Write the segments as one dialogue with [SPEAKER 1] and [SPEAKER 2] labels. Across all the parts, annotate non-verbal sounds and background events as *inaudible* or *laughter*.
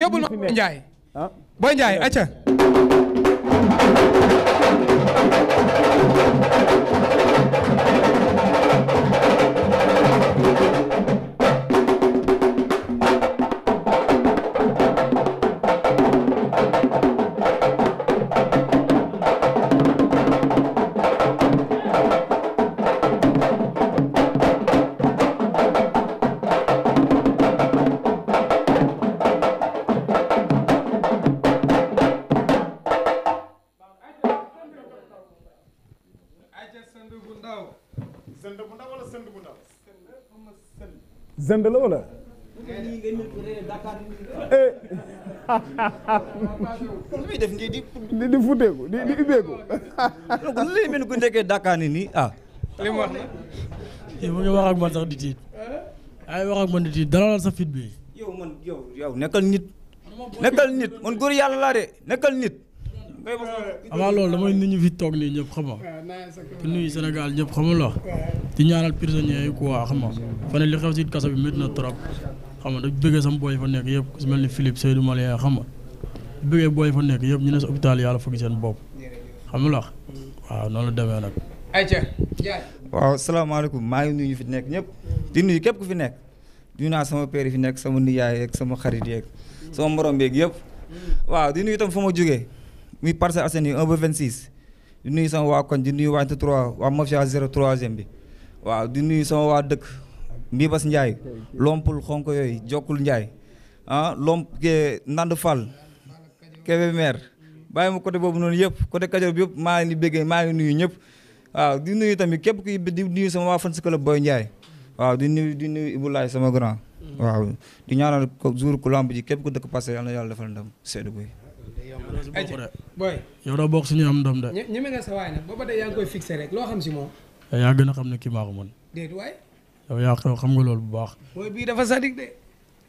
[SPEAKER 1] yóbbul ma Boy Ndiaye ah. Boy Ndiaye acca ayca sënd bu ndaw. sënd bu ndaw wala sënd bu ndaw. sënd la wala. lu di. di di futeeku di
[SPEAKER 2] lay mel ni ku nii ah. li mu ngi wax ak man sax di tiit. ay wax ak man di tiit dalal sa fit bi. nekkal nit. nekkal nit man
[SPEAKER 3] góor yàlla laa de nekkal nit.
[SPEAKER 2] avant loolu damay
[SPEAKER 3] nit ñu fi toog nii ñëpp xam nga di nuyu Sénégal ñëpp xam nga di ñaanal prisonniers yi quoi xam nga fa ne li xew si kaso bi métti na trop xam nga da bëggee sama booy fa nekk yëpp ku si mel xam nga booy fa yëpp ñu ne si yàlla foog seen bopp xam nga waaw noonu la demee nag. ayca
[SPEAKER 2] waaw salaamaaleykum maa ngi nuyu ñu fi nekk ñëpp di nuyu képp ku fi nekk di sama père yi fi nekk sama nijaay yeeg sama xarit yeeg sama morom beeg yëpp mm. waaw di nuyu itam fa ma jógee muy Parcelles Assainies 1 ba 26 di nuyu sama waa koñ di nuyu waa 3 waa mafia 03ème bi waaw di nuyu sama waa dëkk Mbibas Ndiaye Lompul xonko yooyu Jokkul Ndiaye ah Lomp Nand Fall Kébémer bàyyi ma côté boobu noonu yëpp côté Kajoor bi yëpp maa ngi bëggee maa ngi nuyu ñëpp waaw di nuyu tamit képp kuy di nuyu sama waa fan si club Boy Ndiaye waaw di nuyu di nuyu Iboulaye sama grand. waaw di ñaanal ko jour ku lamb ji ku dëkk passé
[SPEAKER 3] yàlla na yàlla defal ndam sedd yow doo bokk suñu am ndam de. ñeme nga xam a xam ne kii mën. bu baax.
[SPEAKER 1] booy bii dafa sadik de.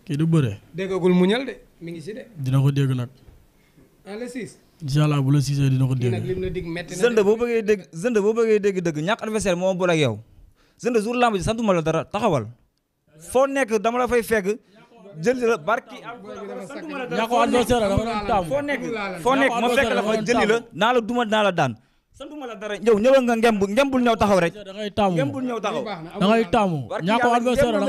[SPEAKER 1] kii du bëre. déggagul muñal mi ngi si
[SPEAKER 3] dina ko dégg nag. ah le six. incha bu la siisee dina ko dégg. nag
[SPEAKER 1] la dig métti na de
[SPEAKER 2] boo bëggee dégg zënd boo bëggee dégg dëgg ñàkk adversaire moo boole ak yow zënd jour lamb ji santuma la dara taxawal foo nekk dama la fay fekk jëli la barki ñàkk
[SPEAKER 1] adversaire
[SPEAKER 2] dafa doon taamu la fa nga da da ngay da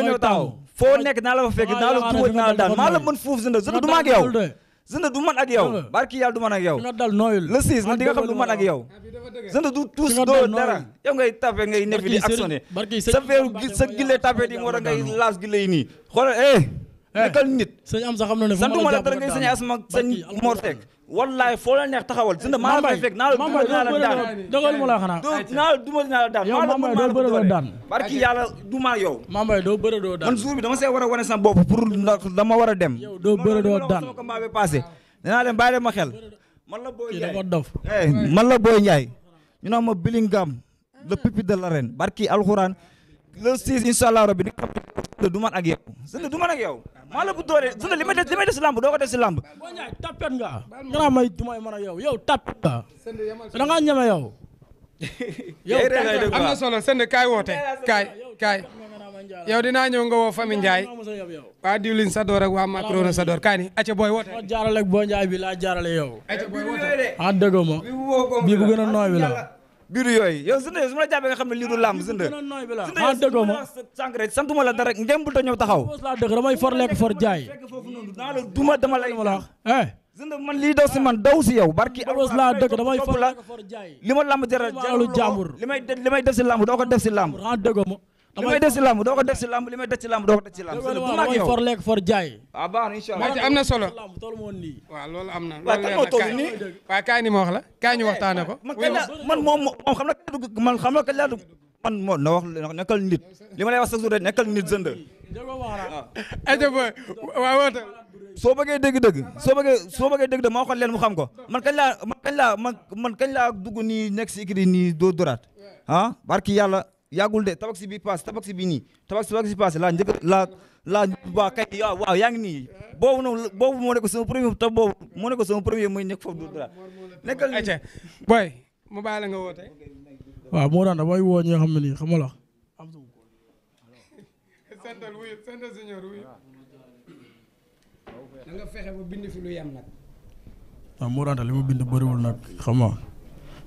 [SPEAKER 2] ngay taamu foo nekk naa la fa fekk naa la duma naa la daan maa la mën fuuf sënda sënda ma ak yow di nga xam du man ak yow sënda du tuus doo dara yow ngay tape ngay nefi di actionné sa feeru sa di nga war a ngay laas gille yi nii eh. Eh. nekkal nit. sëñ am sax xam na ne ma la jàpp nga sëñ Asma taxawal. sëñ maa la fay fekk naa la dugal naa la daan dogal ma la xanaa. doo bëre doo daan. barki yàlla du
[SPEAKER 3] ma yow. Mambay doo bëre doo daan.
[SPEAKER 2] man see war a wane a dem. doo bëre doo daan. dinaa dem bàyyi leen ma xel. man la Boy Ndiaye eh, man la Boy Ndiaye. ñu naan ma Bilingam le pipi de l'arène barki alxuraan le 6 incha allah rabbi du man ak yow. sëñ maa la bu doole su li may des li may si làmb doo ko des si
[SPEAKER 3] làmb. nga. gannaaw may du may mën a yow yow tapet nga. da ngaa ñeme yow.
[SPEAKER 1] *laughs* yow am dinaa ñëw nga woo Fami Ndiaye waa diwlin Sador ak waa Macron Sador kaani acca booy woote jaarale ak boo Ndiaye bi laa jaarale yow acca booy woote ah dëgg nooy bi
[SPEAKER 2] biir yooyu yow sëñ bi su ma la jàppee nga xam ne lii du làmb ah, sëñ bi ah déggoo ma sànq rek sant ma la dara taxaw laa dëgg damay for lekk for jaay naa la duma dama lay wax eh sëñ man lii daw si man daw si yow barki alos laa dëgg damay for lekk for jaay li ma làmb jaral jalu jàmbur li may li may def si doo ko def si làmb ah li may des si làmb doo ko des si làmb li may des si làmb doo ko des si làmb. bu for lekk for jaay. waaw ah, baax na incha allah am na solo.
[SPEAKER 3] waaw
[SPEAKER 1] loolu am na. waaw kan moo toll nii waaw kaay ni ma wax la kaay ñu waxtaane ko.
[SPEAKER 2] man moom moom xam nga man xam nga kañ laa dugg man moo na wax nekkal nit li ma lay wax chaque jour rek nekkal nit jënd. Ah. Ah, waaw. soo bëggee dégg-dégg soo bëggee soo bëggee dégg-dégg ma waxoon leen mu xam ko man kañ laa man kañ laa man kañ laa dugg nii nekk si ikiri nii doo doraat ah barki yàlla yàggul de tabaski bi paase tabaski bi nii tabaski paase laa njëkk laa laa waa kay waaw yaa ngi nii boobu noonu boobu moo nekk sama premier ta boobu moo nekk sama premier muy nekk foofu du dara nekkal ayca boy mu bàyyi
[SPEAKER 1] la nga woote
[SPEAKER 3] waaw moo daan damay woo ñi nga xam ne nii xam nga la
[SPEAKER 1] santal wuyu santal seigneur wuyu na nga fexe ba bind fi lu yam nag
[SPEAKER 3] waaw moo daan li mu bind bëriwul nag xam nga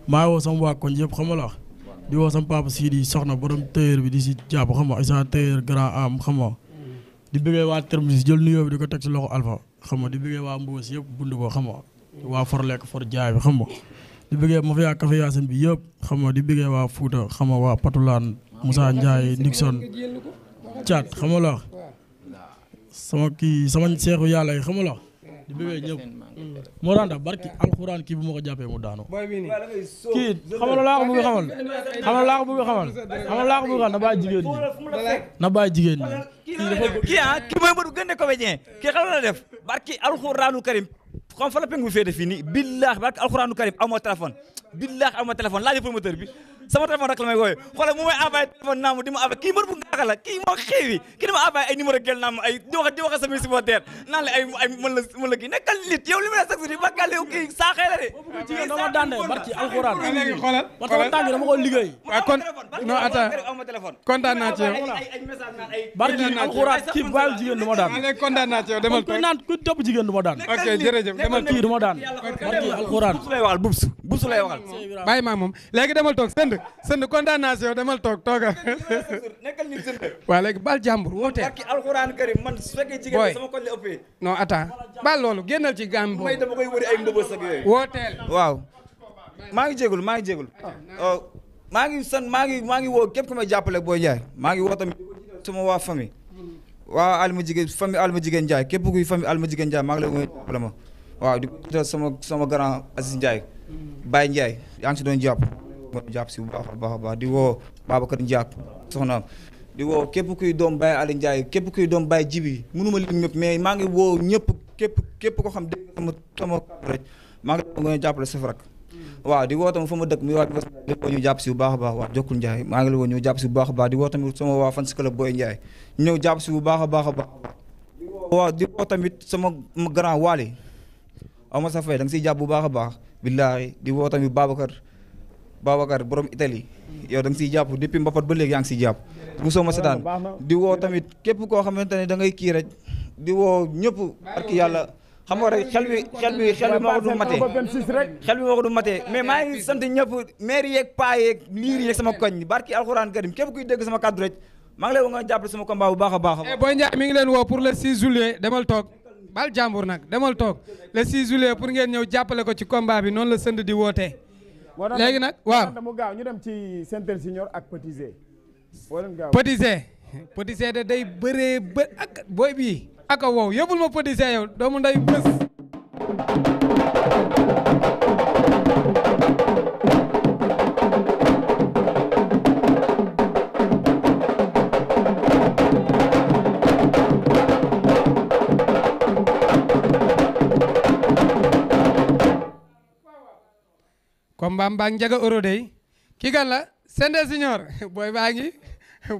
[SPEAKER 3] maa woo sama waa koñ yëpp xam nga la di wax sama papa sii di soxna borom tailleur bi di si jàpp xam nga isa tailleur grand am xam di bëggee waa terminus jël nuyoo bi di ko teg si loxo Alpha xam di bëggee waa Mboos yëpp bund ko xam nga waa for lekk for jaay bi xam nga di bëggee mafia bi yëpp xam nga di bëggee waa Fouta xam nga waa Patulaan Moussa Ndiaye Nixon Thiat xam nga la sama kii sama seexu yàlla yi xam la di bëggee ñëpp mm. moo daan def barki alxuraan kii bu ma ko jàppee mu daanu.
[SPEAKER 2] kii xamal laa ko bëgg xamal xamal laa ko bëgg xamal xamal laa ko bëgg xamal na bàyyi jigéen ñi
[SPEAKER 3] na bàyyi jigéen ñi. kii
[SPEAKER 2] ah kii mooy Modou gën ne comédien kii xam la def barki alxuraanu karim xam fa la pengu bu féete fii nii billaahi barki alxuraanu karim amoo téléphone billaahi amoo téléphone laaj promoteur bi. sama téléphone rek la may wooyu xoolal mu may envoyé téléphone naa mu di ma envoyé kii mbër bu ngaaka la kii moo xeewi kii di ma envoyé ay numéro gel naa ma kii di bàkkal yow kon daan naa
[SPEAKER 1] ci
[SPEAKER 3] yow barki alxuraan bubsu lay
[SPEAKER 1] waxal bubsu bubsu lay waxal sënd sënd kontaan naa si yow toog toogal. waa léegi baal jàmbur woote. barki
[SPEAKER 2] alxuraan karim su fekkee jigéen bi sama koñ la baal loolu génnal ci gàmm boobu. may dama waaw. maa ngi jégalu maa ngi oh, maa ngi sant maa ngi maa ngi woo képp ku may jàppale Boy Ndiaye maa ngi woo tamit sama waa famille. waa Alima Jigéen famille Alima Jigéen Ndiaye képp kuy famille Alima Jigéen Ndiaye maa ngi lay wooyee jàppale ma waaw di sama sama grand Aziz Ndiaye Baye yaa ngi si doon jàpp ñu jàpp si bu baax a a baax di woo Babacar Ndiap soxnaam di woo képp kuy doom Baye Aliou Ndiaye képp kuy doom Baye Jibi mënuma ko xam dégg sama sama rek maa ngi doon jàppale sa farak waaw di woo tamit fa ma dëkk mi waa di woo ñu jàpp si bu baax a baax waa maa ngi la woo ñu jàpp si bu a baax di sama si club Boy Ndiaye ñëw jàpp si a a baax grand Waly aw ma sa fay da nga siy jàpp bu baax a baax billaahi di woo tamit Babacar Babacar borom Italie yow da nga siy jàpp depuis Mbapat ba léegi yaa ngi si jàpp. mosoo ma ah, setaan di woo tamit képp koo xamante ne da ngay kii rek di woo ñëpp ak yàlla. xam nga rek xel bi xel bi xel bi moo ko du mais maa sant ñëpp maire yeeg paa yeeg liir yeeg sama koñ barki alxuraan karim képp kuy dégg sama kàddu rek maa ngi lay woo nga jàppale
[SPEAKER 1] sama combat bu baax a baax. Eh, Boy Ndiaye mi ngi leen woo pour le 6 juillet demal toog bal jàmbur nag demal pour ngeen ñëw jàppale ko ci combat bi noonu la sënd di wootee. léegi nag waaw mu gaaw ñu dem ci Sentel Senior ak Petit Zé. Petit Zé Petit de day bëree bë ak booy bi aka wow yóbbul ma Petit Zé doomu nday bës. combat mbaag njaga euro ki gan la sende signor booy baa ngi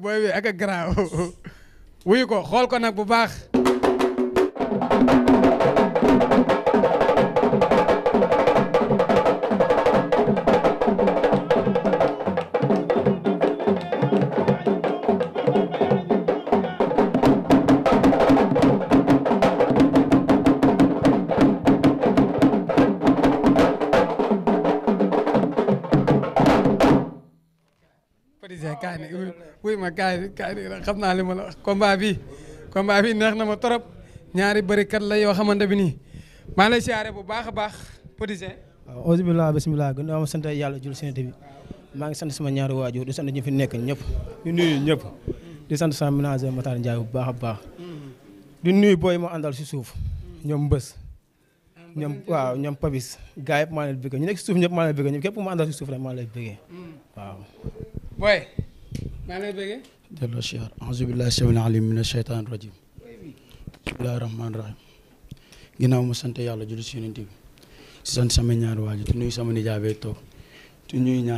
[SPEAKER 1] booy bi ak a garaaw ko xool ko nag bu baax kaay ni wuy ma kaay ni xam naa li ma la wax combat bi combat bi neex na ma trop ñaari bërikat la yoo xamante bi nii maa lay siyaare bu baax a baax Petit Sène waaw auzu billah gën a ma sant yàlla jul seen bi maa ngi sant sama ñaari waajur di sant ñu fi nekk ñëpp di nuyu ñëpp di sant sama ménager Matar Ndiaye bu baax a baax di nuyu booy ma àndal si suuf ñoom mbës ñoom waaw ñoom pabis gaa yëpp maa leen bëgg ñu nekk si suuf ñëpp maa leen bëgg ñëpp képp ma àndal si suuf rek maa leen bëggee waaw booy maa ngi lay bëggee.
[SPEAKER 3] delloo siyaar auzu billaahi samiil aliim mina sheytaani rajiim bismillaahi rahmaani rahiim ginnaaw ma sant
[SPEAKER 1] yàlla julli si yonent bi sant sama ñaari waajur te nuyu sama nijaay beeg toog te ñuy ñaan